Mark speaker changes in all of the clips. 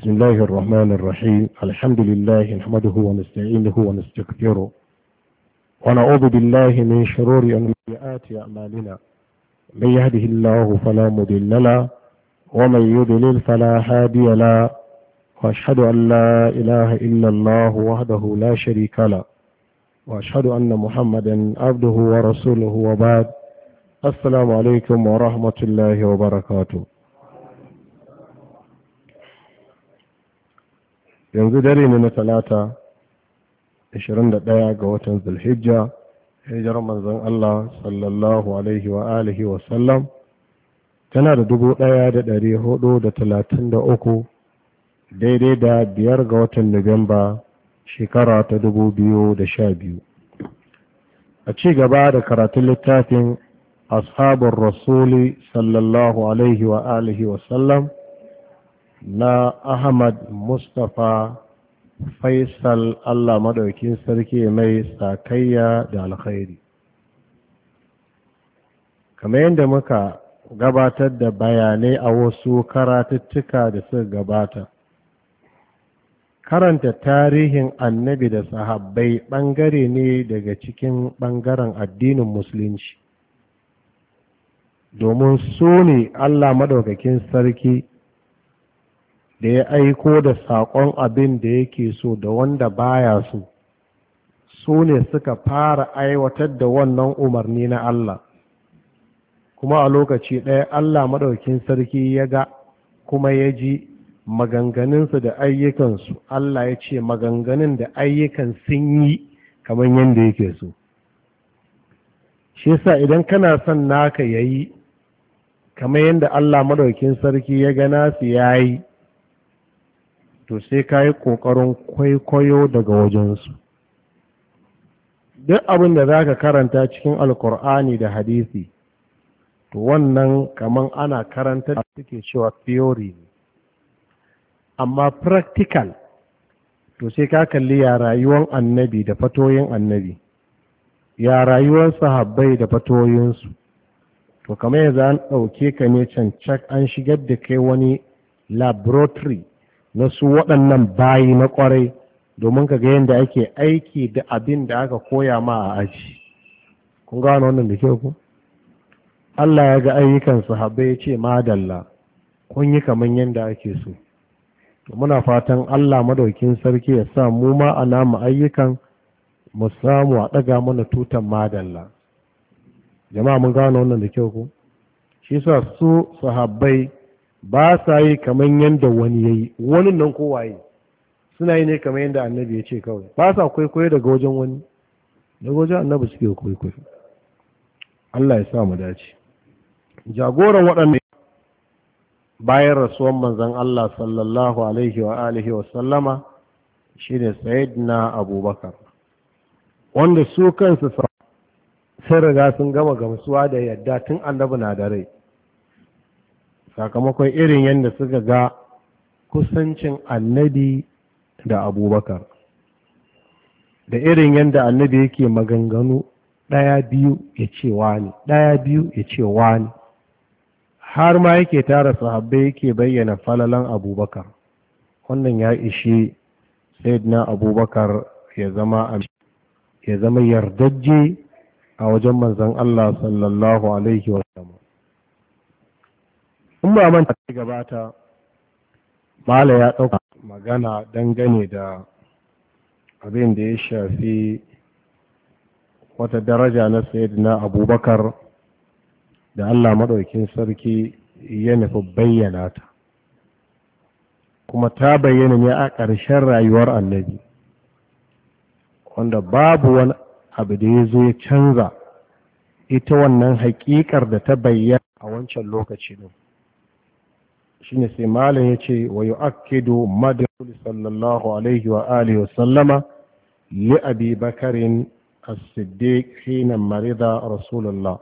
Speaker 1: بسم الله الرحمن الرحيم الحمد لله نحمده ونستعينه ونستغفره ونعوذ بالله من شرور وسيئات أعمالنا من يهده الله فلا مضل له ومن يضلل فلا هادي له وأشهد أن لا إله إلا الله وحده لا شريك له وأشهد أن محمدا عبده ورسوله وبعد السلام عليكم ورحمة الله وبركاته yanzu dare ne na talata 21 ga watan zulhijja hijar manzon Allah sallallahu alaihi wa alihi wa sallam tana da 1433 daidai da biyar ga watan nuwamba shekara ta 2012 a ci gaba da karatun littafin ashabin rasuli sallallahu alaihi wa alihi wa sallam na ahmad mustapha faisal allah madaukin sarki mai sakayya da alkhairi kamar yadda muka gabatar da bayanai a wasu karatuttuka da suka gabata karanta tarihin annabi da sahabbai ɓangare ne daga cikin ɓangaren addinin musulunci domin su ne allah maɗaukakin sarki da ya aiko da saƙon abin da yake so da wanda baya su, su ne suka fara aiwatar da wannan umarni na Allah kuma a lokaci ɗaya Allah maɗaukin sarki ya ga kuma ya ji maganganunsu da ayyukansu Allah ya ce maganganun da ayyukan sun yi kamar yadda yake so shi sa idan kana son naka ya yi kamar yadda Allah maɗaukin sarki ya ga nasu ya yi to sai ka yi ƙoƙarin kwaikwayo daga wajensu duk abin da za ka karanta cikin alkur'ani da hadisi to wannan kaman ana karanta da suke cewa theory ne amma practical to sai ka kalli ya rayuwar annabi da fatoyin annabi ya rayuwar sahabbai da fatoyinsu to kamar yanzu an ɗauke ka ne cancak an shigar da kai wani laboratory na su waɗannan bayi na ƙwarai domin ka ga yadda ake aiki da abin da aka koya ma a aji kun gano wannan da kyau ku Allah ya ga ayyukan sahabbai ya ce madalla kun yi kamar yadda ake so muna fatan Allah madaukin sarki ya sa mu ma a namu ayyukan mu samu a ɗaga mana tutan madalla jama'a mun gano wannan da kyau ku shi sa su sahabbai ba sa yi kamar yadda wani ya yi wani nan kowaye suna yi ne kamar yadda annabi ya ce kawai ba sa kwaikwayo daga wajen wani daga wajen annabi suke kwaikwayo Allah ya sa mu dace jagoran waɗanda bayan rasuwan manzan Allah sallallahu alaihi wa alihi wa sallama shine sayyidina abubakar wanda su kansu sai riga sun gama gamsuwa da yadda tun annabi na da rai sakamakon irin yadda suka ga kusancin annabi da abubakar da irin yadda annabi yake maganganu ɗaya biyu ya ce wani ɗaya biyu ya ce wani har ma yake tara sahabbai yake bayyana falalan abubakar wannan ya ishe na abubakar ya zama ya zama yardajje a wajen manzan Allah sallallahu alaihi in ba manta ta gabata mala ya ɗauka magana dangane da abin da ya shafi wata daraja na na abubakar da allah maɗaukin sarki ya nufi bayyana ta kuma ta bayyana ne a ƙarshen rayuwar annabi wanda babu wani abu da ya zo ya canza ita wannan haƙiƙar da ta bayyana a wancan lokaci shine sai malam ya yace wa yu'akkidu madhul sallallahu alaihi wa alihi wa sallama li abi bakarin as-siddiq hina marida rasulullah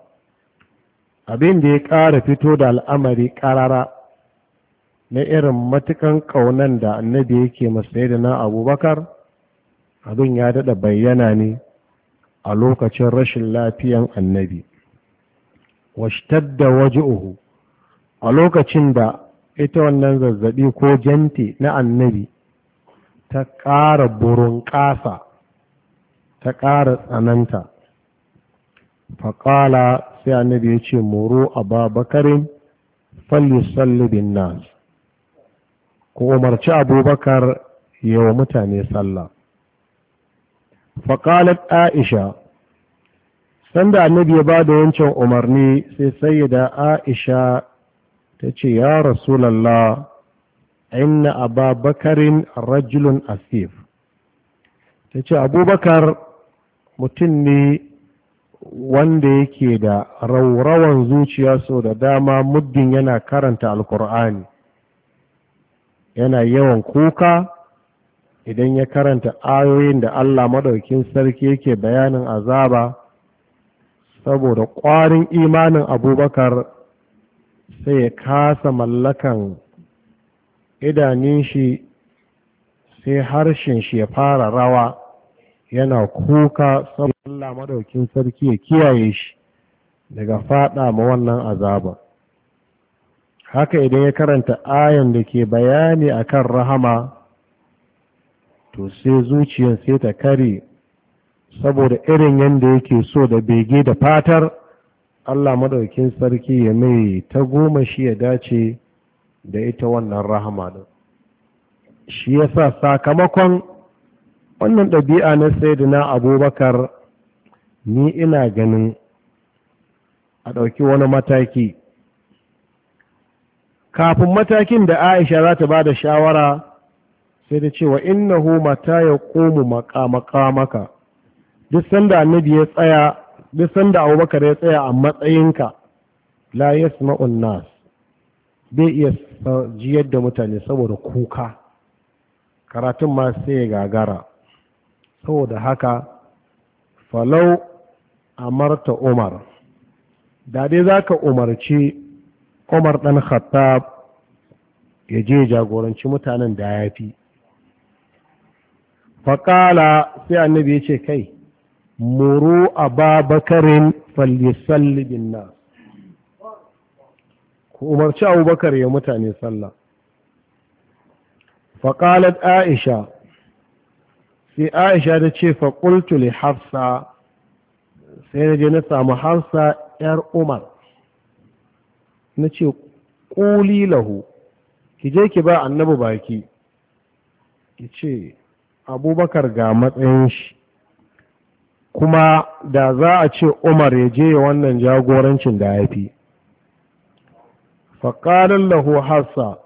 Speaker 1: abin da ya ƙara fito da al'amari ƙarara na irin matukan ƙaunan da annabi yake masai da na abubakar abin ya daɗa bayyana ne a lokacin rashin lafiyan annabi washtadda waje'uhu a lokacin da ita wannan zazzabi ko jante na annabi ta ƙara burin ƙasa ta ƙara tsananta faƙala sai annabi ya ce moro a babakarin fallusallubin nas ku umarci abubakar yawa mutane sallah faƙalar aisha sanda annabi ya ba da wancan umarni sai sayyada aisha ta ce ya rasulallah inna ababakarin rajulun asif ta ce abubakar mutum ne wanda yake da raurawan zuciya sau da dama muddin yana karanta alkur'ani yana yawan kuka idan ya karanta ayoyin da allah maɗaukin sarki yake bayanin azaba saboda ƙwarin imanin abubakar sai ya kasa mallakan idanin shi sai harshen shi ya fara rawa yana kuka saboda Allah madaukin sarki ya kiyaye shi daga fada ma wannan azaba haka idan ya karanta ayan da ke bayani akan rahama to sai zuciyar sai ta kare saboda irin yadda yake so da bege da fatar Allah maɗaukin sarki ya mai ta goma shi ya dace da ita wannan rahama din shi yasa sakamakon wannan ɗabi'a na sayyidina abubakar ni ina ganin a ɗauki wani mataki kafin matakin da aisha za ta ba da shawara sai da cewa innahu mata ya komu maka maka. duk sanda annabi ya tsaya duk sanda abubakar ya tsaya a matsayinka la yasma'un nas bai iya jiyar da mutane saboda kuka karatun ma sai gagara saboda haka falau amarta umar da dai za ka umarci umar dan khattab ya je jagoranci mutanen da ya fi faƙala sai annabi ya ce kai muru ababakarin fallisalli bin nas ku umarci abubakar ya mutane sallah faƙalat aisha sai aisha ta ce faƙultu li hafsa sai na je na samu hafsa ‘yar umar na ce ƙuli lahu ki je ki ba annabi baki ki ce abubakar ga matsayin shi kuma da za a ce umar ya je wannan jagorancin da ya fi faƙarin lahu harsa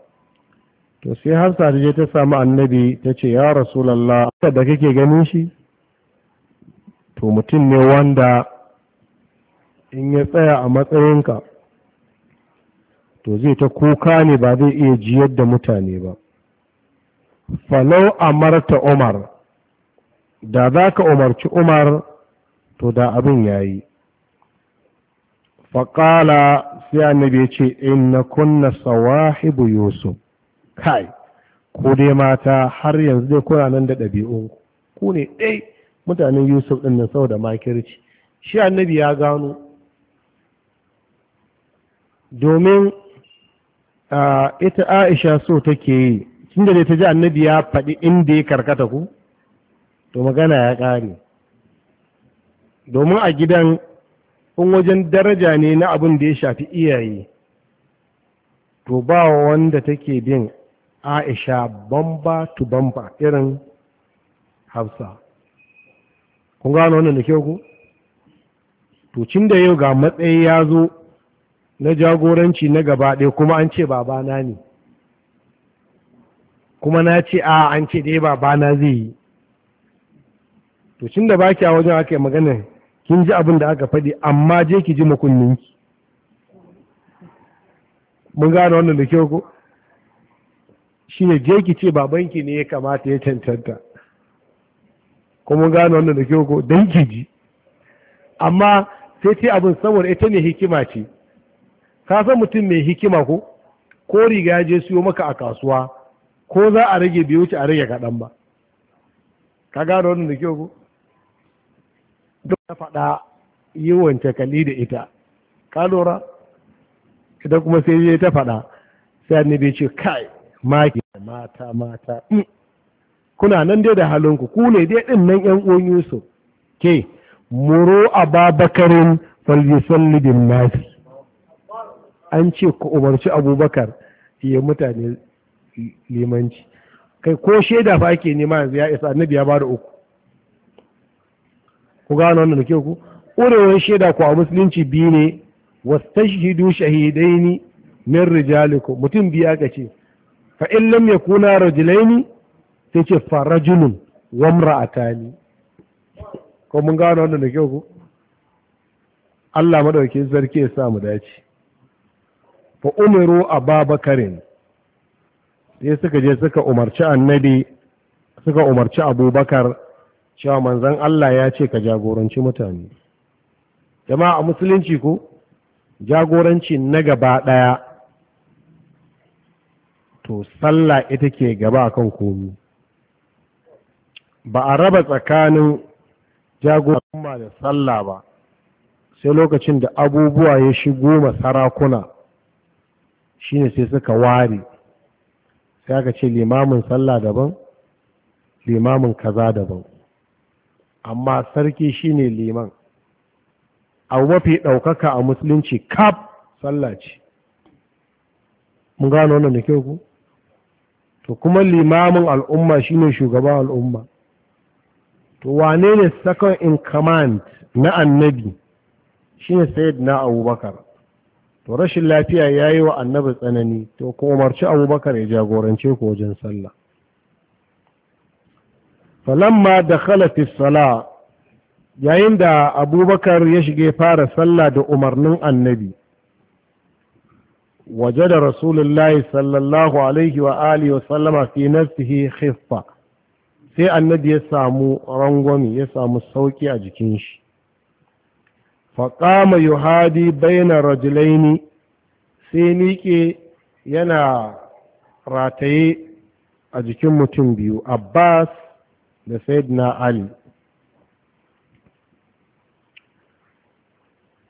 Speaker 1: to sai harsa ta je ta sami annabi ta ce ya rasulallah da kake ganin shi to mutum ne wanda in ya tsaya a matsayinka to zai ta kuka ne ba zai iya jiyar da mutane ba falau a Marta umar da za ka umarci umar to da abin ya yi faƙala sai annabi ya ce na kunna sawahibu yusuf kai ko dai mata har yanzu dai kuna nan da ɗabi'un ku ne ɗai mutanen yusuf ɗin nan da makirci shi annabi ya gano domin ita aisha so take yi tun da ta ji annabi ya faɗi inda ya karkata ku to magana ya ƙare domin a gidan in wajen daraja ne na abin da ya shafi iyaye to ba wanda take bin aisha bamba tu bamba irin hafsa kun gano wannan da kyau ku to cin da yau ga matsayi ya zo na jagoranci na gaba ɗaya kuma an ce babana ne kuma na ce a an ce dai babana zai yi to cin da baki a wajen aka yi maganar kin ji abin da aka faɗi amma je ki ji makunninki mun gane wannan da kyau ko shi ne je ki ce babanki ne ya kamata ya cancanta ko mun gane wannan da kyau ko don ki ji amma sai ce abin saboda ita ne hikima ce ka san mutum mai hikima ko ko riga ya je siyo maka a kasuwa ko za a rage biyu wuce a rage kaɗan ba ka gane wannan da kyau ko ta faɗa yi wance da ita ka lura Idan kuma sai yi ta faɗa sai annabi ce kai maki mata mata mm. kuna nan dai da halinku ku ne dai din nan yan uwan Yusuf ke muro ababakarin falyisalli bin nasi an ce ku umarci abubakar ya mutane limanci kai ko shaida fa ake nema yanzu ya isa annabi ya bada uku ku gano wannan da ke ku ƙurewar shaida ku a musulunci biyu ne wasu wastashhidu shahidaini min rijaliku. mutum biya ka ce fa in lam yakuna rajulaini sai ce fa rajulun wa imra'atani ko mun gano wannan da ke Allah madaukakin sarki ya sa mu dace fa umiru ababakarin sai suka je suka umarci annabi suka umarci abubakar cewa manzan Allah ya ce ka jagoranci mutane jama'a a musulunci ko jagoranci na gaba ɗaya to sallah ita ke gaba kan komi ba a raba tsakanin jagoranci da sallah ba sai lokacin da abubuwa ya shigo ma sarakuna shine sai suka ware sai aka ce limamin sallah daban limamin kaza daban amma sarki shine liman abu mafi ɗaukaka a musulunci kaf sallah ce mun gano wannan da kyau ku to kuma limamin al'umma shine shugaban al'umma to wane ne second in command na annabi shine sayyid na abubakar to rashin lafiya ya yi wa annabi tsanani to ku umarci abubakar ya jagorance ku wajen sallah falamma da khalafis sala yayin da abubakar ya shige fara sallah da umarnin annabi waje da rasulullahi sallallahu alaihi wa alihi wasallama fi nafsihi sai annabi ya samu rangwami ya samu sauƙi a jikin shi Faƙa faƙama yuhadi bayanan rajulaini sai niƙe yana rataye a jikin mutum biyu abbas da na ali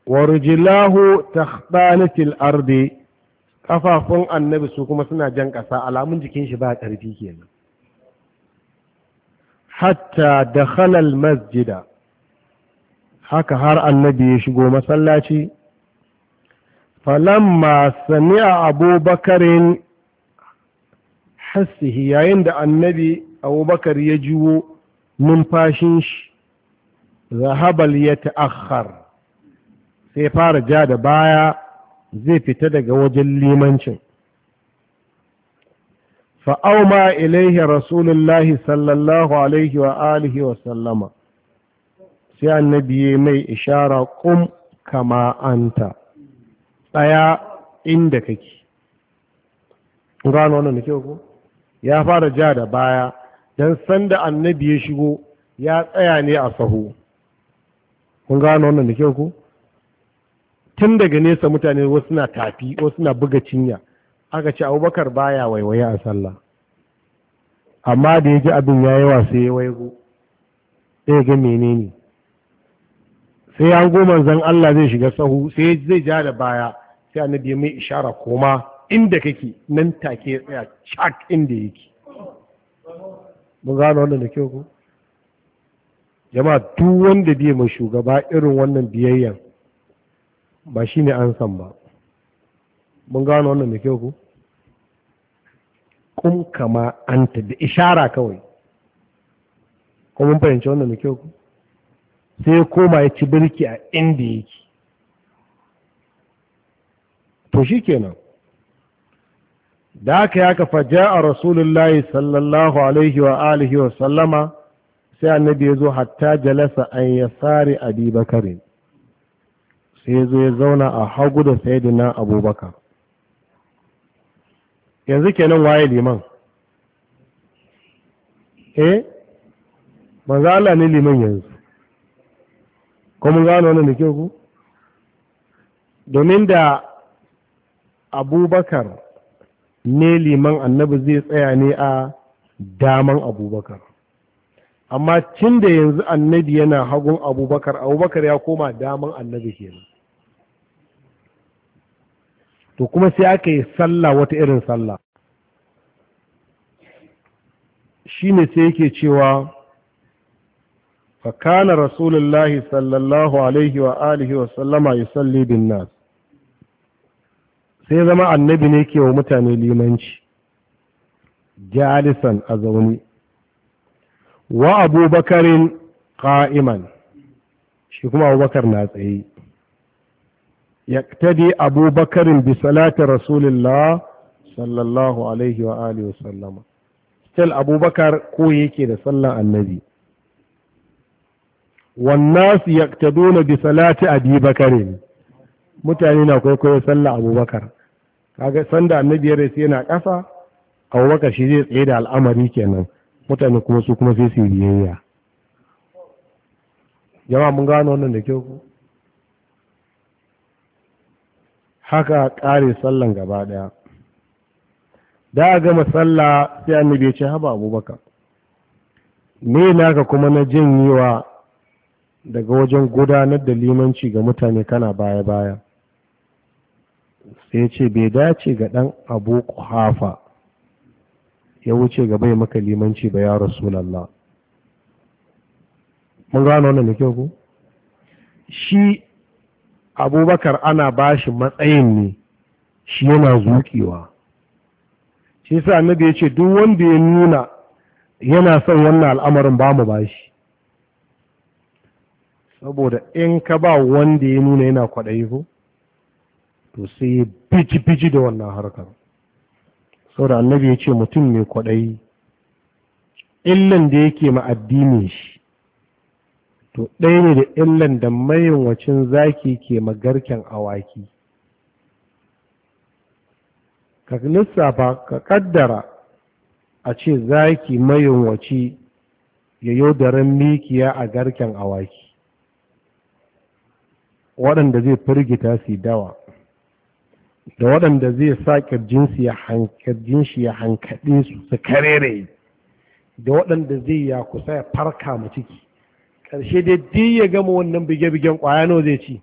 Speaker 1: Warjilahu rijilahu takhtalatil ardi kafafun annabi su kuma suna jan ƙasa alamun jikin shi ba ƙarfi kenan hatta da halal masjida haka har annabi ya shigo masallaci falamma sami'a abubakarin hassihi yayin da annabi abubakar ya jiwo numfashin shi zahabal ya ta'akhar sai fara ja da baya zai fita daga wajen limancin fa'auma ilaihi rasulullahi sallallahu alaihi wa alihi wa sallama sai annabi mai ishara kum kama anta tsaya inda kake gano wannan da kyau ko ya fara ja da baya don sanda annabi ya shigo ya tsaya ne a saho kun gano wannan da kyau ko tun daga nesa mutane wasu na tafi wasu na buga cinya aka ce abubakar baya waiwaye a sallah amma da ya ji abin ya yawa sai ya waigo sai ga menene sai ya goma zan Allah zai shiga sahu sai zai ja da baya sai annabi ya mai ishara koma inda kake nan take ya tsaya cak inda yake mun gano wannan da kyau ku jama'a duk wanda biye mai shugaba irin wannan biyayyan ba shi ne an san ba mun gano wannan da kyau ku kun kama an da ishara kawai ko mun fahimci wannan da kyau ku sai ya koma ya ci birki a inda yake to shi kenan da aka ya kafa a rasulullahi sallallahu alaihi wa alihi wa sallama sai annabi ya zo hatta jalasa an ya sari abubakarin sai ya zo ya zauna a hagu da sayidina abubakar yanzu kenan waye liman eh za Allah ne liman yanzu ko mun gano wani da kyau ku domin da abubakar ne liman annabi zai tsaya ne a daman abubakar amma cin da yanzu annabi yana hagun abubakar abubakar ya koma daman annabi kenan to kuma sai aka yi sallah wata irin sallah shine sai yake cewa فكان sallallahu alaihi wa alihi wa وآله وسلم bin nas sai zama annabi ne ke wa mutane limanci jalisan a zaune wa abubakarin ƙa'iman shi kuma abubakar na tsaye ya tadi abubakarin bisalatar rasulullah sallallahu alaihi wa alihi wasallama cel abubakar ko yake da sallan annabi wannan su yaktaduna na bisalatar bakarin mutane na kwaikwayo sallah abubakar kaga sanda annabi ya rasu yana ƙasa abubakar shi zai tsaye da al'amari kenan mutane kuma su kuma sai su biyayya jama'a mun gano wannan da kyau ku haka ƙare sallan gaba daya da a gama sallah sai annabi ya ce haba abubakar me naka kuma na janyewa daga wajen gudanar da limanci ga mutane kana baya-baya sai ce bai dace ga ɗan abu hafa ya wuce ga bai maka limanci ba ya rasulallah mun gano wannan da kyau ku shi abubakar ana bashi matsayin ne shi yana zuƙewa shi sa annabi ya ce duk wanda ya nuna yana son wannan al'amarin ba mu bashi saboda in ka ba wanda ya nuna yana kwaɗayi ko to sai biji-biji da wannan harkar saboda annabi ya ce mutum mai kwaɗayi illan da yake ma addinin shi to ɗaya ne da illan da wacin zaki ke magarken awaki ka lissafa ka kaddara a ce zaki mayanwaci ya da ran mikiya a garken awaki waɗanda zai firgita su dawa da waɗanda zai sa ƙirjin shi ya hankaɗe su su karere da waɗanda zai ya kusa ya farka mu ciki ƙarshe dai duk ya gama wannan bige-bigen ƙwaya nawa zai ci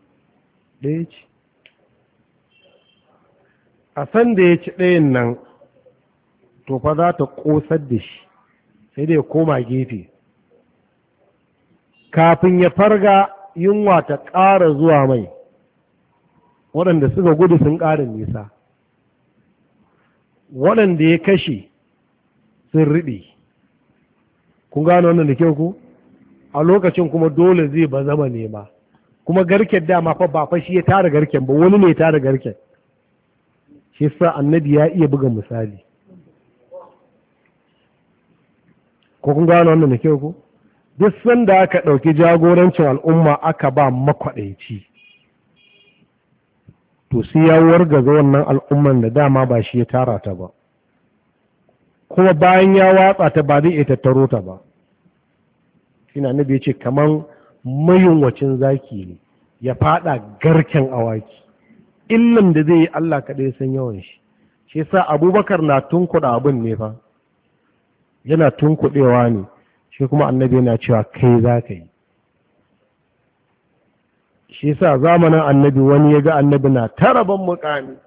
Speaker 1: ɗaya ci a san ya ci ɗayan nan to fa za ta ƙosar da shi sai dai ya koma gefe kafin ya farga yunwa ta ƙara zuwa mai waɗanda suka gudu sun ƙara nisa waɗanda ya kashe sun riɗe kun gano wannan da kyau ku a lokacin kuma dole zai ba zama nema kuma garken dama fa ba fa shi ya tara garken ba wani ne ya tara garken shi sa annabi ya iya buga misali ko kun gano wannan da kyau ku duk sanda aka ɗauki jagorancin al'umma aka ba makwaɗaici to sai ya wargaza wannan al'umman da dama ba shi ya tara ta ba kuma bayan ya watsa ta ba zai iya tattaro ta ba ina nabi ya ce mayunwacin zaki ne ya fada garken awaki illan da zai yi Allah kaɗai san yawan shi shi sa abubakar na tunkuɗa abin ne fa yana tunkuɗewa ne shi kuma annabi yana cewa kai za ka yi shi sa zamanin annabi wani ya ga annabi na taraban mukami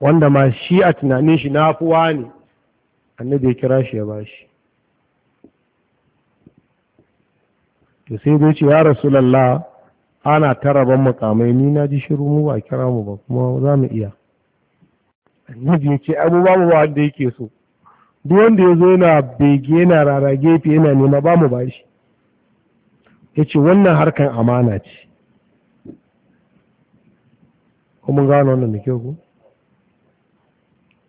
Speaker 1: wanda ma shi a tunanin shi na fuwa ne annabi ya kira shi ya ba shi to sai zai ce ya rasulallah ana taraban mukamai ni na ji shiru mu ba kira mu ba kuma za mu iya annabi ya ce abubuwa ba wanda yake so duk wanda ya zo yana bege yana rara gefe yana nema ba mu bashi ya ce wannan harkan amana ce kuma gano wannan da kyau ku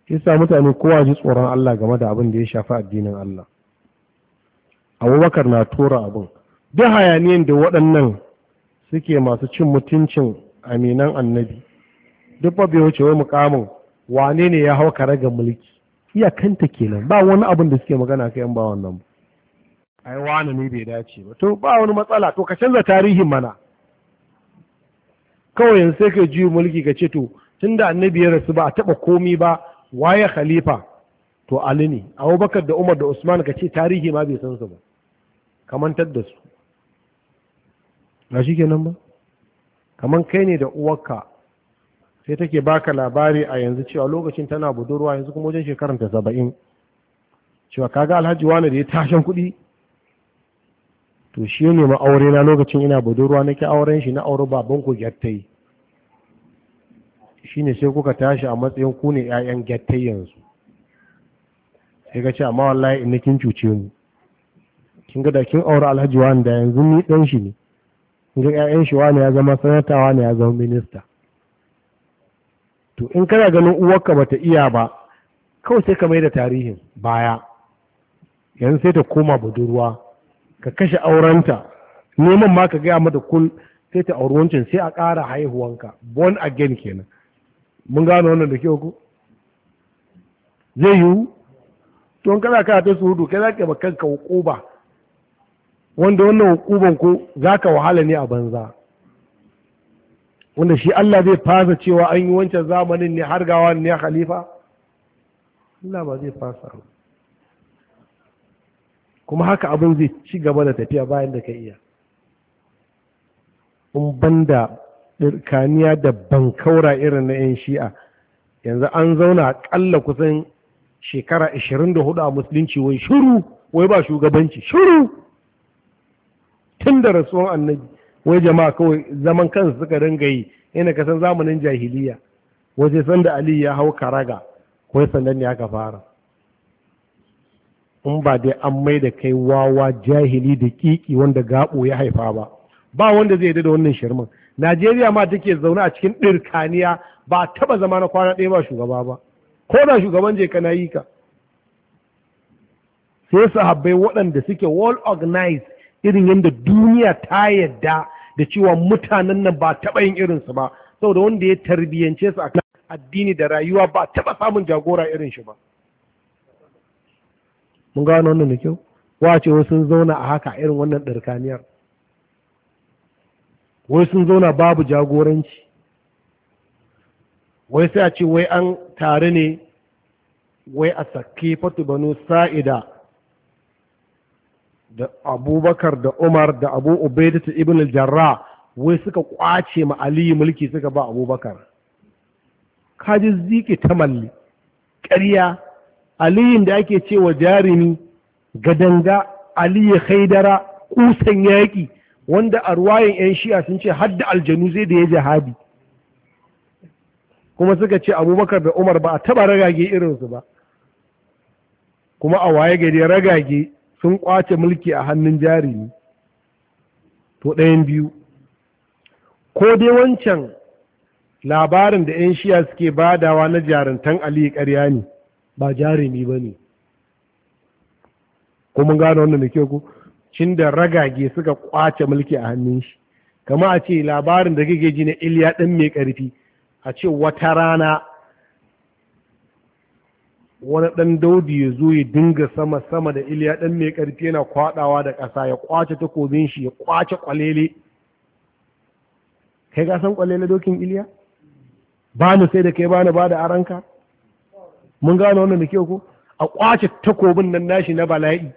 Speaker 1: yasa mutane kowa ji tsoron Allah game da abin da ya shafi addinin Allah abubakar na tura abin duk hayaniyan da waɗannan suke masu cin mutuncin aminan annabi duk ba ya wuce wai mukamin wane ne ya hau kare ga mulki iyakanta kenan ba wani abin da suke magana kai ba wannan ba ai wani ne bai dace ba to ba wani matsala to ka canza tarihin mana kawai yanzu sai ka ji mulki ka ce to tunda annabi ya rasu ba a taba komi ba waye khalifa to ali ne abubakar da umar da usman ka ce tarihi ma bai san su ba kamantar da su na shi kenan ba kaman kai ne da uwarka sai take baka labari a yanzu cewa lokacin tana budurwa yanzu kuma wajen shekaran ta saba'in cewa kaga alhaji wani da ya tashan kuɗi to shi ne ma'aure na lokacin ina budurwa nake auren shi na aure baban ku gyattai shi ne sai kuka tashi a matsayin ku ne 'ya'yan gyattai yanzu sai ka ce amma wallahi ina kin cuce mu kin ga da kin aure alhaji wani da yanzu ni dan shi ne kin ga 'ya'yan shi wani ya zama sanata wani ya zama minista to in kana ganin uwarka bata iya ba kawai sai ka mai da tarihin baya yanzu sai ta koma budurwa ka kashe aurenta neman ma ka gaya mata kul sai ta auri wancan sai a ƙara haihuwanka born again kenan mun gano wannan da kyau ku zai yiwu to in kana kana ta surutu kai za ka ba kanka hukuba wanda wannan hukuban ko za ka wahala ne a banza wanda shi Allah zai fasa cewa an yi wancan zamanin ne har gawa ne khalifa Allah ba zai fasa ba. kuma haka abin zai ci gaba da tafiya bayan da ka iya in banda ɗirkaniya da bankaura irin na 'yan shi'a yanzu an zauna ƙalla kusan shekara 24 a musulunci wai shuru wai ba shugabanci shuru tun da rasuwan annabi wai jama'a kawai zaman kansu suka dinga yi ina ka san zamanin jahiliya waje san da ali ya hau karaga wai sandan ne aka fara in ba dai an mai da kai wawa jahili da kiki wanda gabo ya haifa ba ba wanda zai da wannan shirman najeriya ma take zaune a cikin ɗirkaniya ba taba zama na kwana ɗaya ba shugaba ba ko da shugaban je kana yi ka sai sahabbai waɗanda suke wall organized irin yadda duniya ta yadda da cewa mutanen nan ba taɓa yin irinsu ba saboda wanda ya tarbiyyance su a addini da rayuwa ba taɓa samun jagora irin shi ba mun gano wannan da kyau wace wai sun zauna a haka irin wannan ɗarkaniyar wai sun zauna babu jagoranci wai sai a ce wai an tare ne wai a sake fatu banu sa'ida da abubakar da umar da abu ubaidatu ibn al-jarra wai suka kwace ma aliyu mulki suka ba abubakar kaji zike ta malli ƙarya aliyun da ake cewa jarumi gadanga aliyu haidara kusan yaƙi wanda a 'yan shi'a sun ce hadda aljanu zai da ya jihadi kuma suka ce abubakar da umar ba a taba ragage irinsu ba kuma a waye gari ragage sun kwace mulki a hannun jarumi to ɗayan biyu ko dai wancan labarin da 'yan shiya suke badawa na jarantan aliyu ƙarya ne ba jarumi ba ne mun gano wannan da ke ku cin da ragage suka kwace mulki a hannun shi kama a ce labarin da gage ji na iliya ɗin mai ƙarfi a ce wata rana wani ɗan daudi ya zo ya dinga sama sama da iliya ɗan mai ƙarfi yana kwaɗawa da ƙasa ya kwace takobin shi ya kwace ƙwalele. kai ka san ƙwalele dokin iliya ba ni sai da kai ba ni ba da aranka mun gano wannan da kyau ko a kwace takobin nan nashi na bala'i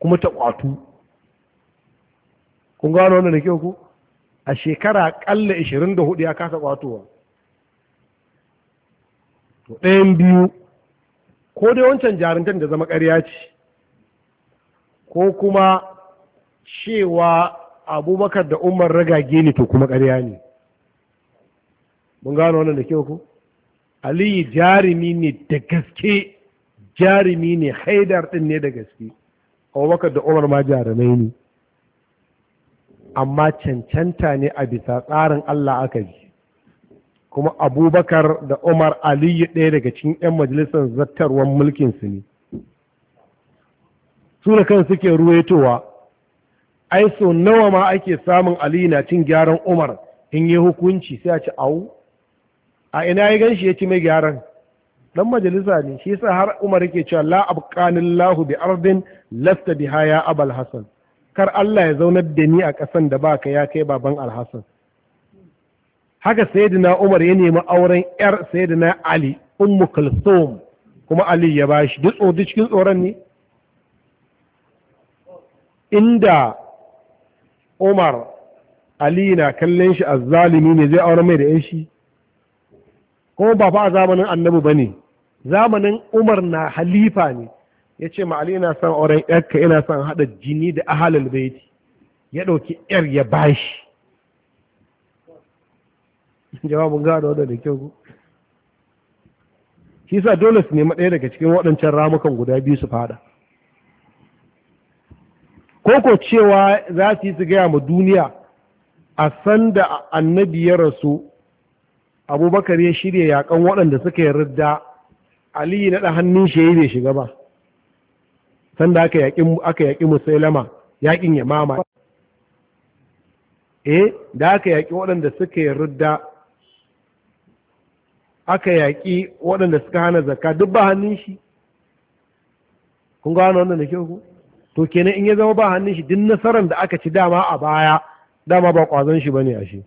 Speaker 1: kuma ta kwatu kun gano wannan da kyau ko a shekara ƙalla 24 ya kasa kwatowa to ɗayan biyu ko dai wancan jarumtar da zama ƙarya ce ko kuma cewa abubakar da umar ragage ne to kuma ƙarya ne mun gano wannan da kyau ku aliyu jarumi ne da gaske jarumi ne haidar ɗin ne da gaske abubakar da umar ma jarumai ne amma cancanta ne a bisa tsarin allah aka ji kuma abubakar da umar aliyu ɗaya daga cikin 'yan majalisar zattarwar mulkinsu ne su da kan suke ruwaitowa ai so nawa ma ake samun aliyu na cin gyaran umar in yi hukunci sai a ci au a ina ya gan ya ci mai gyaran dan majalisa ne shi sa har umar yake cewa la abqanil lahu bi ardin lasta biha ya abal hasan kar Allah ya zaunar da ni a ƙasan da baka ya kai baban alhassan haka sayyidina umar ya nemi auren yar sayyidina ali ummu kulthum kuma ali ya bashi duk cikin tsoron ne inda umar ali na kallon shi azzalimi ne zai aure mai da yan shi kuma ba fa a zamanin annabi bane zamanin umar na halifa ne ya ce ma ali ina son auren yarka ina son haɗa jini da ahalul baiti ya ɗauki yar ya bashi jawabin gano wadda da kyau shi sa dole su nemi ɗaya daga cikin waɗancan ramukan guda biyu su fada ko ko cewa za su yi su gaya ma duniya a sanda annabi ya rasu abubakar ya shirya yakan waɗanda suka yarda aliyu na ɗan hannun shi bai shiga ba sanda aka yaƙi lama yaƙin yamama eh da aka yaƙi waɗanda suka yarda aka yaƙi waɗanda suka hana zakka duk ba hannun shi kun gano wannan da kyau to kenan in ya zama ba hannun shi duk nasarar da aka ci dama a baya dama ba ƙwazon shi bane a shi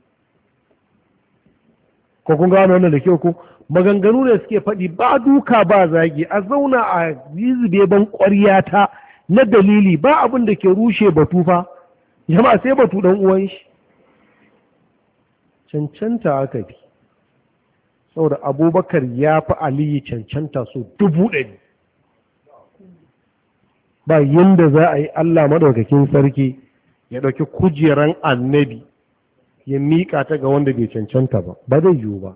Speaker 1: ko kun gano wannan da kyau ko maganganu da suke faɗi ba duka ba zagi a zauna a zizube ban ta na dalili ba abin da ke rushe batu fa jama'a sai batu ɗan uwan shi cancanta aka fi saboda abubakar ya fi aliyu cancanta su dubu ɗari ba yadda za a yi allah maɗaukakin sarki ya ɗauki kujeran annabi ya miƙa ta ga wanda bai cancanta ba ba zai yiwu ba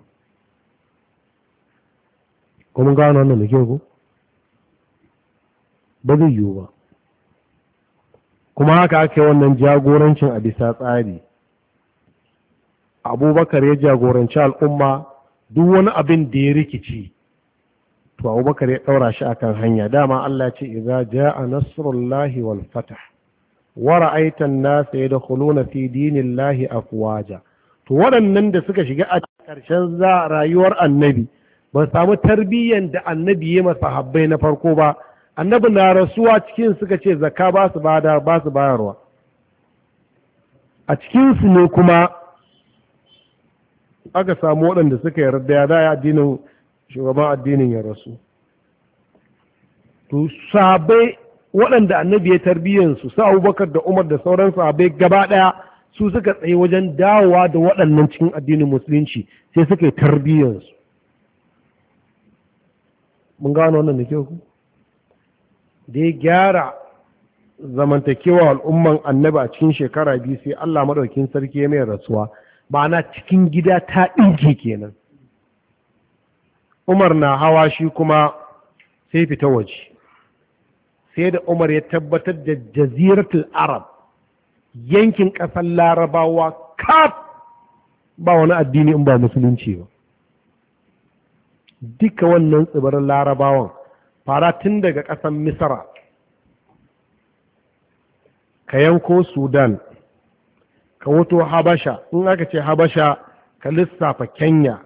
Speaker 1: kuma gano wannan da ke ku. ba zai yiwu ba kuma haka aka yi wannan jagorancin a bisa tsari abubakar ya jagoranci al'umma duk wani abin da ya rikici to abubakar ya ɗaura shi akan hanya dama Allah ce idza jaa nasrullahi wal fatah wa ra'aita an nas yadkhuluna fi dinillahi afwaja to waɗannan da suka shiga a ƙarshen za rayuwar annabi ba samu tarbiyyar da annabi ya masa habbai na farko ba annabi na rasuwa cikin suka ce zakka ba su bayarwa a cikinsu ne kuma aka samu waɗanda suka yarda ya za addinin shugaban addinin ya rasu to sabai waɗanda annabi ya tarbiyyansu su abubakar da umar da sauran sabai gaba ɗaya su suka tsaye wajen dawowa da waɗannan cikin addinin musulunci sai suka yi tarbiyyansu mun gano wannan da kyau ku da ya gyara zamantakewa al'umman annabi a cikin shekara biyu sai allah maɗaukin sarki ya mai rasuwa ma'ana cikin gida ta ɗinke kenan umar na hawa shi kuma sai fita waje sai da umar ya tabbatar da jaziratul arab yankin ƙasar larabawa kaf ba wani addini in ba musulunci ba duka wannan tsibirin larabawan fara tun daga ƙasar misra ka yanko sudan ka wato habasha in aka ce habasha ka lissafa kenya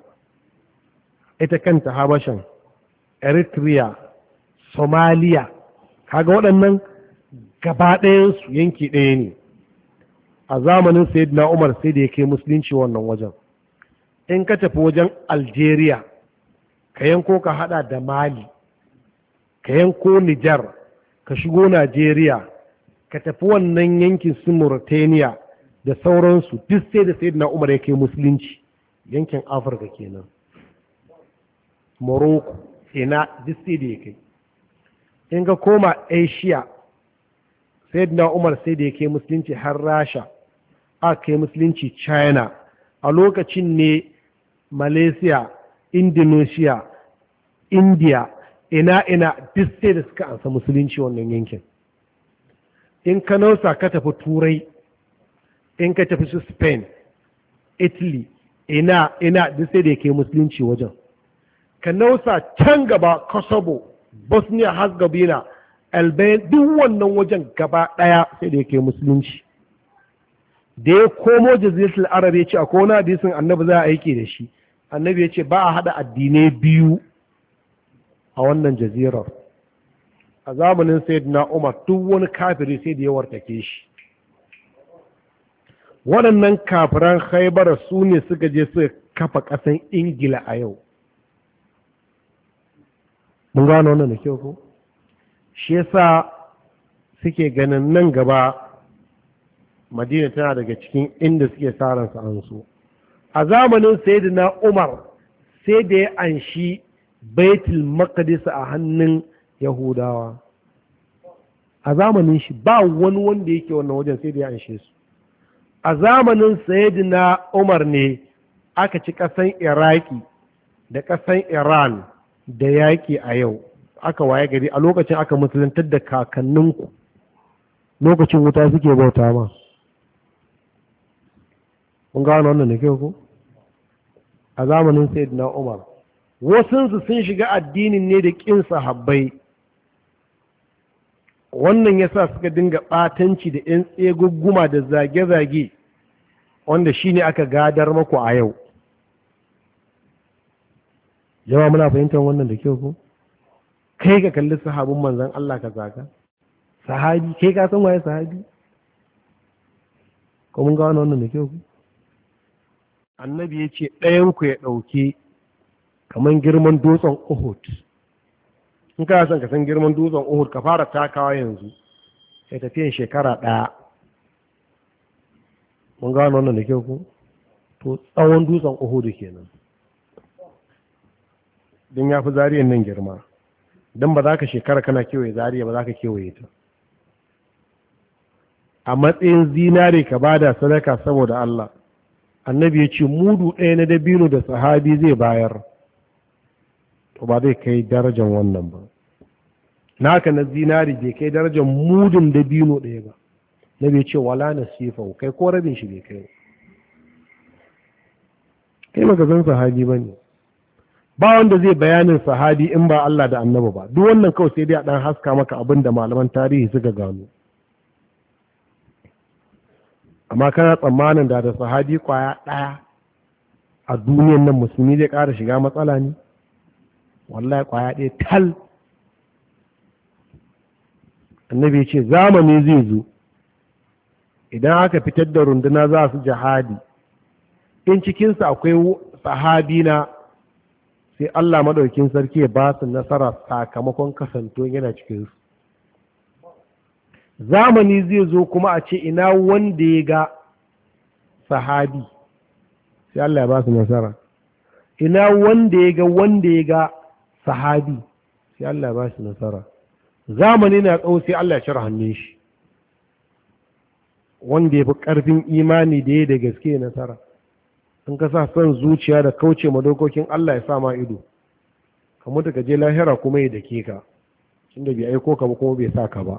Speaker 1: ita kanta habashan eritrea Somalia, kaga waɗannan gaba ɗayansu yanki ɗaya ne a zamanin sayyidina umar sai da ya kai musulunci wannan wajen in ka tafi wajen algeria ka yanko ka hada da mali ka yanko nijar ka shigo najeriya ka tafi wannan yankin su mauritania da sauransu duk sai da sayyidina umar ya kai musulunci yankin afirka kenan morocco ina duk sai da ya in ga koma asia sayyidina umar sai da ya musulunci har rasha a kai musulunci china a lokacin ne malaysia indonesia india ina ina duk sai da suka ansa musulunci wannan yankin in ka nausa ka tafi turai in ka tafi su spain italy ina ina duk sai da yake musulunci wajen ka nausa can gaba kosovo bosnia herzegovina albania duk wannan wajen gaba daya sai da yake musulunci da ya komo jaziratul arab ya ce a kona hadisin annabi za a aiki da shi annabi ya ce ba a haɗa addinai biyu a wannan jazirar a zamanin sayyidina umar duk wani kafiri sai da ya wartake shi waɗannan kafiran haibar su ne suka je suka kafa ƙasan ingila a yau mun gano wannan da kyau ko shi yasa suke ganin nan gaba madina tana daga cikin inda suke saransa an so a zamanin na umar sai da ya anshi baitul Makadisa a hannun yahudawa a zamanin shi ba wani wanda yake wannan wajen sai da ya anshe su a zamanin sayidina umar ne aka ci ƙasan iraki da ƙasan iran da yaƙi a yau aka waye gari a lokacin aka musulantar da kakanninku lokacin wuta suke bauta ma kun gano wannan da ko a zamanin sayidina umar wasu sun shiga addinin ne da ƙin sahabbai wannan ya sa suka dinga ɓatanci da 'yan tsegugguma da zage-zage wanda shi ne aka gadar maku a yau jama muna fahimtar wannan da kyau ko kai ka kalli sahabin manzan Allah ka zaga sahabi kai ka san waye sahabi ko mun ga wannan da kyau ko annabi ya ce ɗayan ku ya ɗauke kamar girman dutsen Uhud in ka san ka san girman dutsen uhud ka fara takawa yanzu sai tafiyan shekara ɗaya mun gano wannan da kyau ku to tsawon dutsen uhud kenan don ya fi zariyan nan girma don ba za ka shekara kana kewaye zariya ba za ka kewaye ta a matsayin zinare ka bada sadaka saboda Allah annabi ya ce mudu ɗaya na dabino da sahabi zai bayar to ba zai kai darajar wannan ba naka na zinari bai kai darajar mudun da bino ɗaya ba na bai ce wala na sifa kai ko rabin shi bai kai kai magazin sahabi ba ne ba wanda zai bayanin sahabi in ba Allah da annabi ba duk wannan kawai sai dai a dan haska maka abin da malaman tarihi suka gano amma kana tsammanin da da sahabi kwaya ɗaya a duniyar nan musulmi zai ƙara shiga matsala ne wallahi kwaya ɗaya tal annabi ce zamani zai zo idan aka fitar da runduna za su jihadi in cikinsa akwai sahabi na sai Allah maɗaukin sarki ya ba su nasara sakamakon kasanto yana cikinsu zamani zai zo kuma a ce ina wanda ya ga sahabi sai Allah ya ba su nasara ina wanda ya ga wanda ya ga sahabi sai Allah ba shi nasara zamani na tsawo sai Allah ya cire hannun shi wanda ya fi ƙarfin imani da ya da gaske nasara in ka sa son zuciya da kauce ma dokokin Allah ya sa ma ido ka mutu ka je lahira kuma ya dake ka tunda bai aiko ka ba kuma bai sa ka ba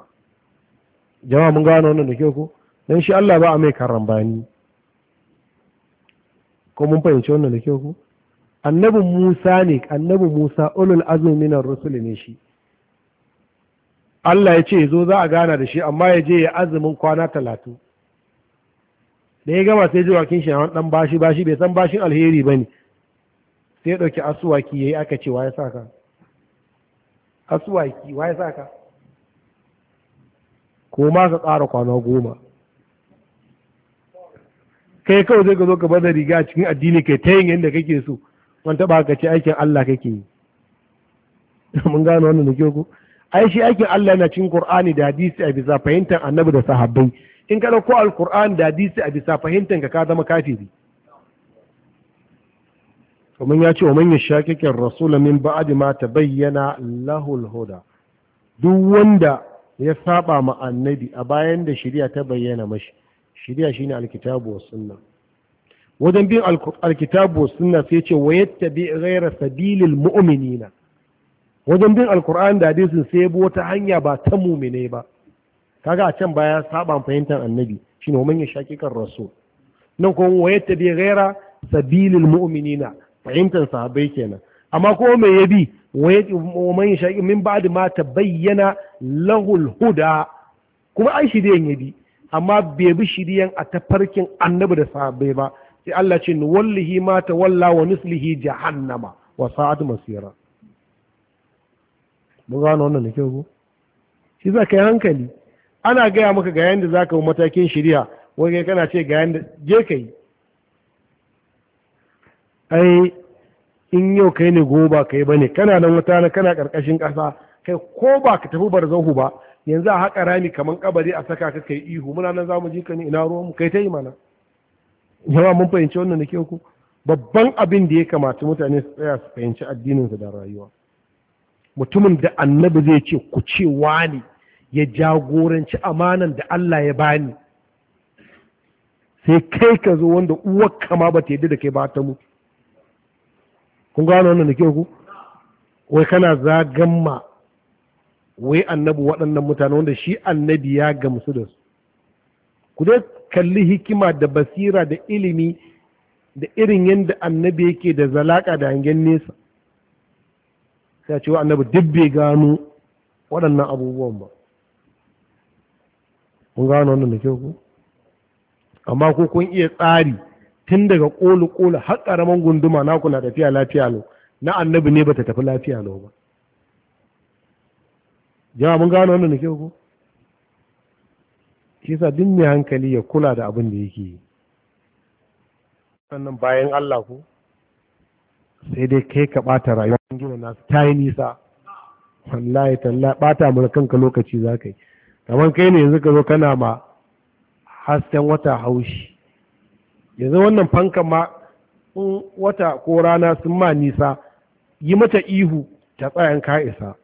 Speaker 1: jama'a mun gano wannan da ke ku dan shi Allah ba a mai karambani ko mun fahimci wannan da ke ku annabin musa ne annabin musa ulul azumi minar rusul ne shi Allah ya ce zo za a gana da shi amma ya je ya azumin kwana talatin da ya gama sai jiwa kin shawan dan bashi bashi bai san bashin alheri ba ne sai ya ɗauki asuwaki ya yi aka ce waye saka asuwaki waye saka ko ma ka tsara kwana goma kai kawai zai ka zo ka bada riga cikin addini kai ta yin yadda kake so wani taɓa ka ce aikin Allah kake yi mun gano wannan da ku ai shi aikin Allah yana cikin Kur'ani, da hadisi a bisa fahimtar annabi da sahabbai in ka dauko alquran da hadisi a bisa fahimtar ka ka zama kafiri kuma ya ce wa manyan shakikin rasulun min ba'adi ma bayyana lahul duk wanda ya saba ma annabi a bayan da shari'a ta bayyana mashi shari'a shine alkitabu wa sunna wajen bin alkitabu sunna sai ce wa bi ghaira sabilil mu'minina wajen bin alkur'ani da hadisin sai ya bi wata hanya ba ta mumine ba kaga a can baya saban fahimtar annabi shine wa man kan rasul nan ko wa bi ghaira sabilil mu'minina fahimtar sahabbai kenan amma ko me ya bi wa man yashaqi min ba'di ma tabayyana lahul huda kuma ai shiriyan ya bi amma bai bi shiriyan a tafarkin annabi da sahabbai ba sai Allah ce ni wallahi ma ta walla wa nuslihi jahannama wa sa'at masira mun gano wannan da kyau ko shi za ka yi hankali ana gaya maka ga yanda za ka matakin shirya wai kai kana ce ga yanda je ka yi ai in yau kai ne goba ba kai bane kana nan wata na kana karkashin kasa kai ko ba ka tafi barzahu ba yanzu a haƙa rami kamar kabari a saka ka kai ihu muna nan za mu ji ka ni ina ruwan mu kai ta yi mana yawa mun fahimci wannan da kyau ku babban abin da ya kamata mutane su tsaya su fahimci addininsu da rayuwa mutumin da annabi zai ce ku ce wani ya jagoranci amanan da Allah ya bani sai kai ka zo wanda uwar kama ba ta yadda da kai ba ta mutu kun gano wannan da ku wai kana zagamma? wai annabi waɗannan mutane wanda shi annabi ya gamsu da su ku dai kalli hikima da basira da ilimi da irin yadda annabi yake da zalaka da hangen nesa sai ce wa annabi duk bai gano waɗannan abubuwan ba mun gano wannan da kyau ku amma ko kun iya tsari tun daga ƙoli ƙoli har ƙaramin gunduma naku na tafiya lafiya lau na annabi ne bata tafi lafiya lau ba jama'a mun gano wannan da kyau ku shi duk mai hankali ya kula da abin da yake yi sannan bayan Allah ku sai dai kai ka ɓata rayuwar gina nasu ta yi nisa wallahi talla ɓata mana kanka lokaci za ka yi kamar kai ne yanzu ka zo kana ma hasken wata haushi yanzu wannan fanka ma in wata ko rana sun ma nisa yi mata ihu ta tsayan ka isa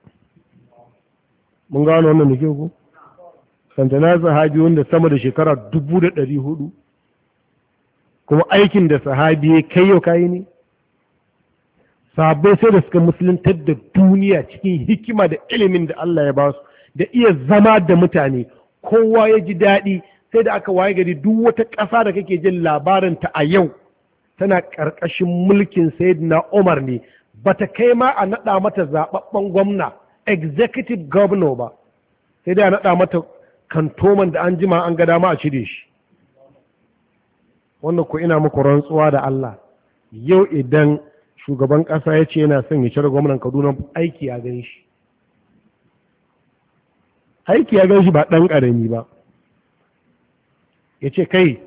Speaker 1: mun gano wannan da ke ku santana sahabi wanda sama da shekara dubu da ɗari hudu kuma aikin da sahabi ya kai yau kayi ne sahabbai sai da suka musuluntar da duniya cikin hikima da ilimin da Allah ya ba su da iya zama da mutane kowa ya ji daɗi sai da aka waye gari duk wata ƙasa da kake jin labarin ta a yau tana ƙarƙashin mulkin sayyidina Umar ne bata kai ma a naɗa mata zaɓaɓɓen gwamna executive governor ba sai dai a naɗa mata kantoman da an jima an ga dama a cire shi wannan ku ina muku rantsuwa da Allah yau idan shugaban ƙasa ya ce yana son ya cire gwamnan Kaduna aiki ya gan shi aiki ya gan shi ba ɗan ƙarami ba ya ce kai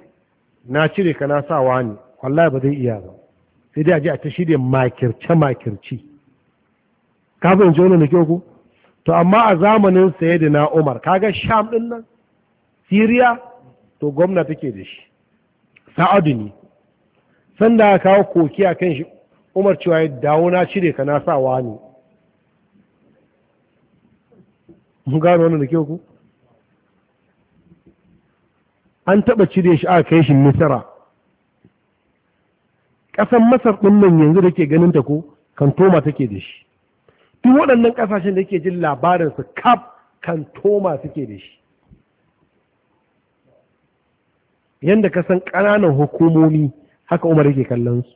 Speaker 1: na cire ka na sawa ne wallahi ba zai iya ba sai dai a je a ta shirya makirce makirci kafin jona ne da kyau ku to amma a zamanin na umar kaga sham din nan siriya to gwamna take da shi sa'adu ne sanda aka kawo koki a kan shi umar cewa ya dawo na cire ka na sa wani mun gano wannan da ke ku an taɓa cire shi a kai shi misira ƙasan masar ɗin nan yanzu da ke ganin ta ko kantoma take da shi duk waɗannan ƙasashen da ke jin labarinsu kaf kan toma suke da shi yadda ka san ƙananan hukumomi haka umar yake kallon su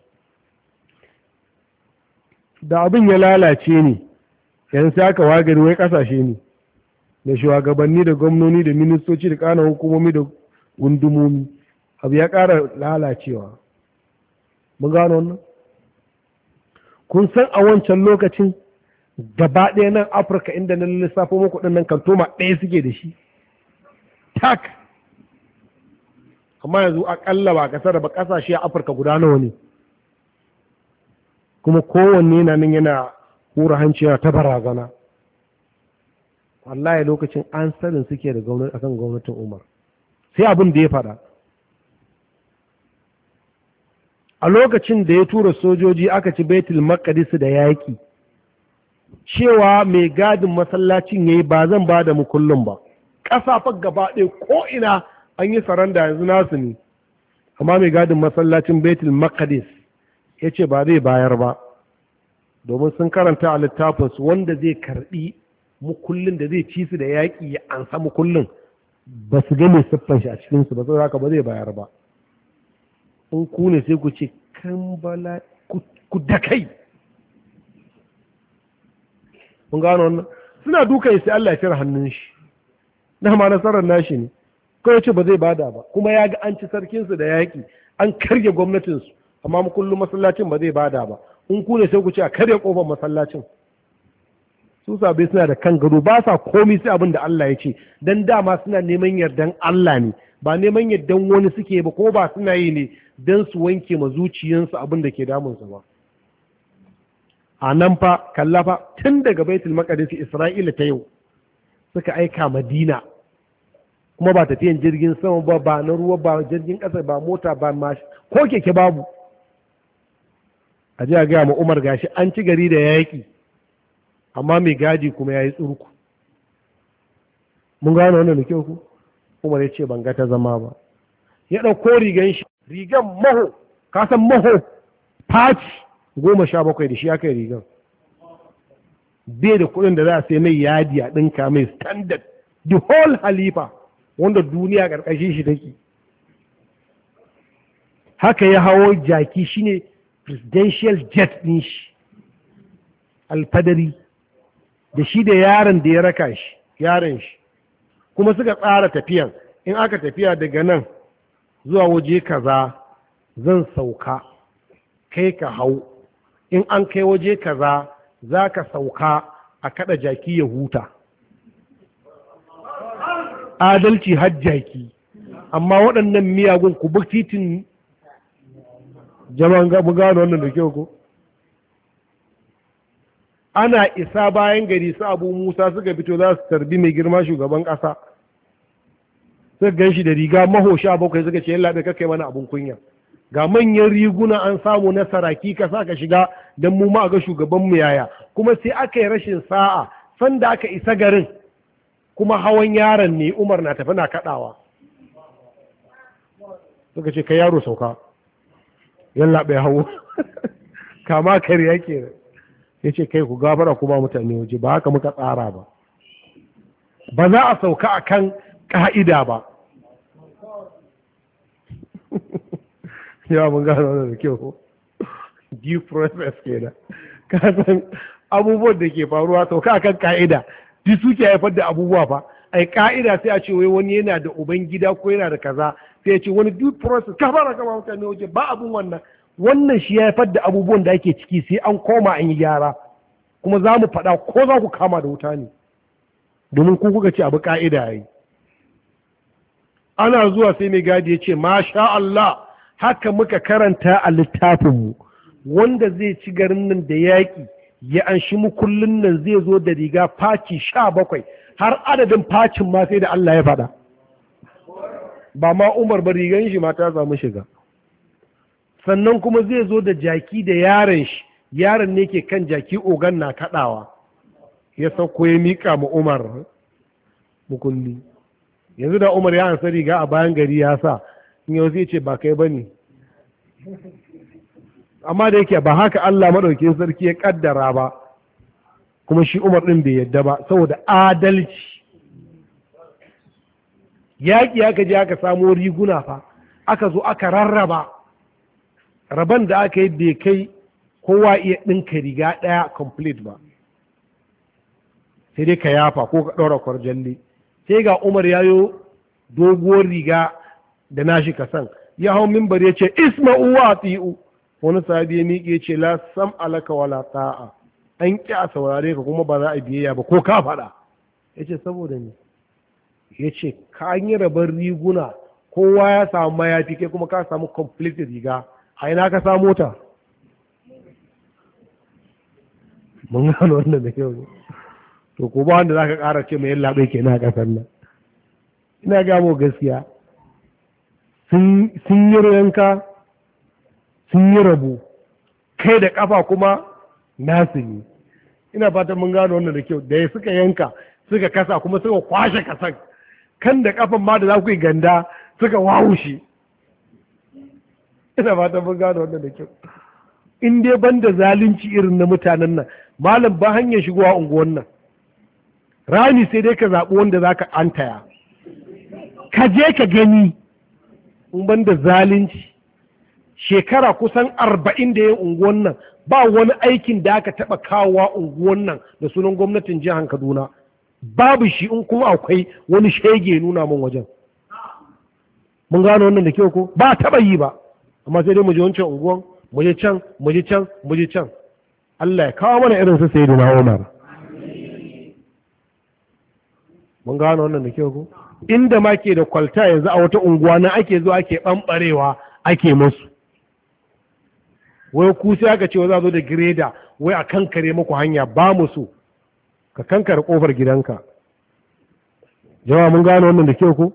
Speaker 1: da abin ya lalace ne yanzu sai aka wagari wai ƙasashe ne da shugabanni da gwamnoni da ministoci da ƙananan hukumomi da gundumomi abu ya ƙara lalacewa mun gano wannan kun san a wancan lokacin gaba ɗaya nan afirka inda na lissafo muku ɗin nan kan toma ɗaya suke da shi tak amma yanzu akalla ba da ba kasashe a afirka guda nawa ne kuma kowanne na nan yana hura hanci yana ta barazana wallahi lokacin an sanin suke da gwamnati akan gwamnatin umar sai abin da ya faɗa a lokacin da ya tura sojoji aka ci baitul maqdis da yaƙi cewa mai gadin masallacin ya yi ba zan ba da mukullin ba ƙasafa gaba ɗaya ko ina an yi saranda yanzu nasu ne amma mai gadin masallacin betul makadis ya ce ba zai bayar ba domin sun karanta a su wanda zai karbi mukullin da zai ci su da yaƙi ya ansa mukullin ba su gane siffan shi a cikinsu ba saboda haka ba zai bayar ba in ku ne sai ku ce kan bala ku da kai mun gano wannan suna dukan sai Allah ya cire hannun shi na ma nasarar nashi ne ya ce ba zai bada ba kuma ya ga an ci sarkin sarkinsu da yaƙi an karya su amma mu kullum masallacin ba zai bada ba in ku ne sai ku ce a karya kofar masallacin su sabai suna da kan gado ba sa komi sai abin da Allah ya ce dan dama suna neman yardan Allah ne ba neman yardan wani suke ba ko ba suna yi ne dan su wanke ma zuciyansu abin da ke damunsa ba a nan fa kalla fa tun daga baitul maqdis isra'ila ta yau suka aika madina kuma ba tafiyan jirgin sama ba ba na ruwa ba jirgin ƙasa ba mota ba mashi ko keke babu a ji a gaya ma umar gashi an ci gari da yaki, amma mai gadi kuma ya yi tsurku mun gano wannan da ku umar ya ce ban ga ta zama ba ya ɗauko rigan shi rigan maho kasan maho faci goma sha bakwai da shi aka yi rigar bai da kudin da za a sai mai yadi a ɗinka mai standard the whole halifa wanda duniya ƙarƙashin shi take haka ya hawo jaki shine presidential jet ɗin shi alfadari da shi da yaron da ya raka shi yaron shi kuma suka tsara tafiyan in aka tafiya daga nan zuwa waje kaza zan sauka kai ka hau in an kai waje kaza za ka sauka a kada jaki ya huta adalci hajjaki amma waɗannan miyagun ku titin jama'an gabu gano wannan da kyau ko ana isa bayan gari su abu musa suka fito za su tarbi mai girma shugaban ƙasa suka gan shi da riga maho sha bakwai suka ce yallaɓe kakai mana abin kunya ga manyan riguna an samu na saraki ka sa ka shiga don mu ma ga shugabanmu yaya kuma sai aka yi rashin sa'a sanda aka isa garin kuma hawan yaron ne umar na tafi na kaɗawa suka ce ka yaro sauka yalla bai hawo kama kari yake ya ce kai ku gafara kuma mutane waje ba haka muka tsara ba ba za a sauka a kan ka'ida ba ya mun gano da kyau due process kenan ka san abubuwan da ke faruwa sau ka kan ka'ida di suke haifar da abubuwa fa ai ka'ida sai a ce wai wani yana da uban gida ko yana da kaza sai ya ce wani due process ka fara kama mutane waje ba abun wannan wannan shi ya haifar da abubuwan da ake ciki sai an koma an yi gyara kuma za mu faɗa ko za ku kama da wuta ne domin ku kuka ce abu ka'ida yayi ana zuwa sai mai gadi ya ce masha Allah haka muka karanta a littafinmu wanda zai ci garin nan da yaƙi ya anshi kullun nan zai zo da riga faci sha bakwai har adadin facin ma sai da Allah ya faɗa ba ma umar ba rigan shi ma ta samu shiga sannan kuma zai zo da jaki da yaron shi yaron ne ke kan jaki ogan na kaɗawa ya sauko ya miƙa ma umar mukulli yanzu da umar ya ansa riga a bayan gari ya sa yau zai ce ba kai ba ne amma da yake ba haka Allah maɗaukin sarki ya ƙaddara ba kuma shi umar ɗin bai yadda ba saboda adalci yaƙi aka je aka samo riguna fa aka zo aka rarraba raban da aka yi bai kai kowa iya ɗinka riga ɗaya complete ba sai dai ka yafa ko ka ɗora kwarjalle sai ga umar ya yo doguwar riga da na nashi san. ya hau mimbar ya ce isma'u a Tsi'u. wani sahabi ya miƙe ce la sam alaka wala ta'a an ƙi a saurare ka kuma ba za a biyayya ba ko ka faɗa ya ce saboda ni, ya ce ka an yi rabar riguna kowa ya samu mayafi kai kuma ka samu complete riga a ina ka samu mota?' mun gano wannan da kyau ne to ko ba wanda za ka ƙara ce mai yallaɓai kenan a ƙasar nan ina gamo gaskiya sun yi yanka sun yi rabu. kai da kafa kuma nasu ne ina fatan mun gano wannan da kyau da ya suka yanka suka kasa kuma suka kwashe kasan kan da kafan ma da za ku yi ganda suka wawushe ina fatan mun gano wannan da kyau in dai ban da zalunci irin na mutanen nan malam ba hanyar shigowa unguwan nan rani sai dai ka zaɓi wanda za ka antaya ka je ka gani in da zalunci shekara kusan arba'in da ya unguwan nan ba wani aikin da aka taɓa kawowa unguwan nan da sunan gwamnatin jihar kaduna babu shi in kuma akwai wani shege nuna min wajen mun gano wannan da kyau ko ba taɓa yi ba amma sai dai mu je wancan unguwan mu je can mu je can mu je can Allah ya kawo mana irin su sayyidina Umar mun gano wannan da kyau ko inda ma ke da kwalta yanzu a wata unguwa na ake zuwa ake ɓamɓarewa ake masu wai ku sai aka ce za zo da gireda wai a kankare muku hanya ba mu so ka kankare kofar gidanka jama'a mun gane wannan da kyau ku?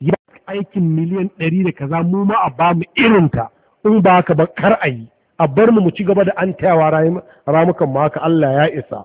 Speaker 1: ya aikin miliyan ɗari da kaza mu ma a ba mu ta. in ba ka ba kar a yi a bar mu mu ci gaba da an tayawa ramukan mu haka Allah ya isa